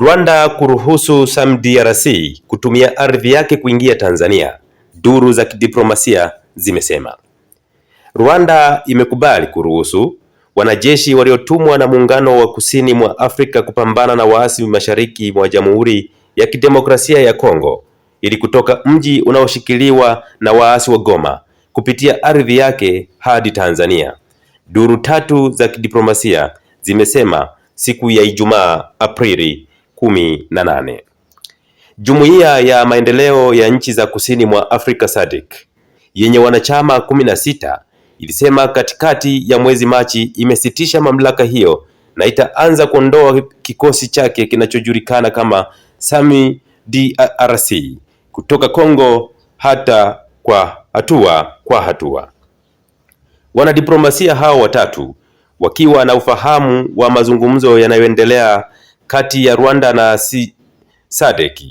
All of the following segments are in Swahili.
Rwanda kuruhusu DRC kutumia ardhi yake kuingia Tanzania, duru za kidiplomasia zimesema. Rwanda imekubali kuruhusu wanajeshi waliotumwa na muungano wa kusini mwa Afrika kupambana na waasi mashariki mwa Jamhuri ya Kidemokrasia ya Kongo ili kutoka mji unaoshikiliwa na waasi wa Goma kupitia ardhi yake hadi Tanzania. Duru tatu za kidiplomasia zimesema siku ya Ijumaa Aprili kumi na nane. Jumuiya ya maendeleo ya nchi za kusini mwa Afrika SADC yenye wanachama kumi na sita ilisema katikati ya mwezi Machi imesitisha mamlaka hiyo na itaanza kuondoa kikosi chake kinachojulikana kama SAMI DRC kutoka Kongo hata kwa hatua kwa hatua. Wanadiplomasia hao watatu wakiwa na ufahamu wa mazungumzo yanayoendelea kati ya Rwanda na si SADC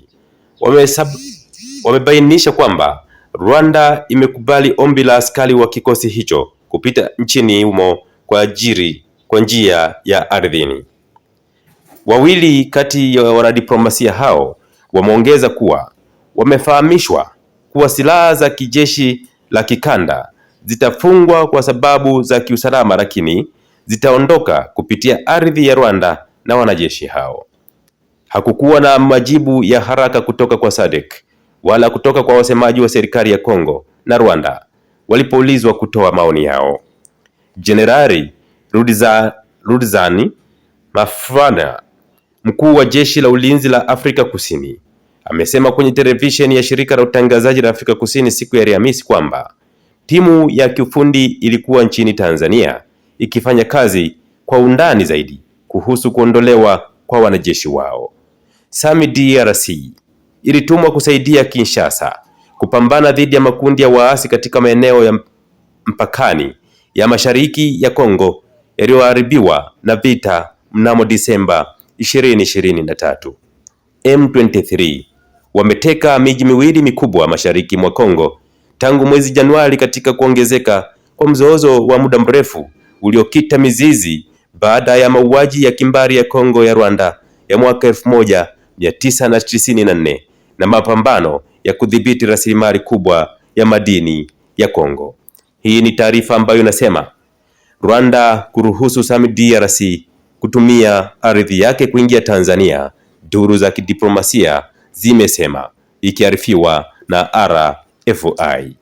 wamebainisha wame kwamba Rwanda imekubali ombi la askari wa kikosi hicho kupita nchini humo kwa ajili kwa njia ya ardhini. Wawili kati ya wanadiplomasia hao wameongeza kuwa wamefahamishwa kuwa silaha za kijeshi la kikanda zitafungwa kwa sababu za kiusalama, lakini zitaondoka kupitia ardhi ya Rwanda na wanajeshi hao. Hakukuwa na majibu ya haraka kutoka kwa SADC wala kutoka kwa wasemaji wa serikali ya Kongo na Rwanda walipoulizwa kutoa maoni yao. Jenerali Rudiza, Rudizani Mafana, mkuu wa jeshi la ulinzi la Afrika Kusini, amesema kwenye televisheni ya shirika la utangazaji la Afrika Kusini siku ya Alhamisi kwamba timu ya kiufundi ilikuwa nchini Tanzania ikifanya kazi kwa undani zaidi kuhusu kuondolewa kwa wanajeshi wao. Sami DRC ilitumwa kusaidia Kinshasa kupambana dhidi ya makundi ya waasi katika maeneo ya mpakani ya mashariki ya Kongo yaliyoharibiwa na vita mnamo Disemba 2023. M23 wameteka miji miwili mikubwa mashariki mwa Kongo tangu mwezi Januari katika kuongezeka kwa mzozo wa muda mrefu uliokita mizizi baada ya mauaji ya kimbari ya Kongo ya Rwanda ya mwaka elfu moja mia tisa na tisini na nne na mapambano ya kudhibiti rasilimali kubwa ya madini ya Kongo. Hii ni taarifa ambayo inasema Rwanda kuruhusu SAMIDRC kutumia ardhi yake kuingia Tanzania, duru za kidiplomasia zimesema, ikiarifiwa na RFI.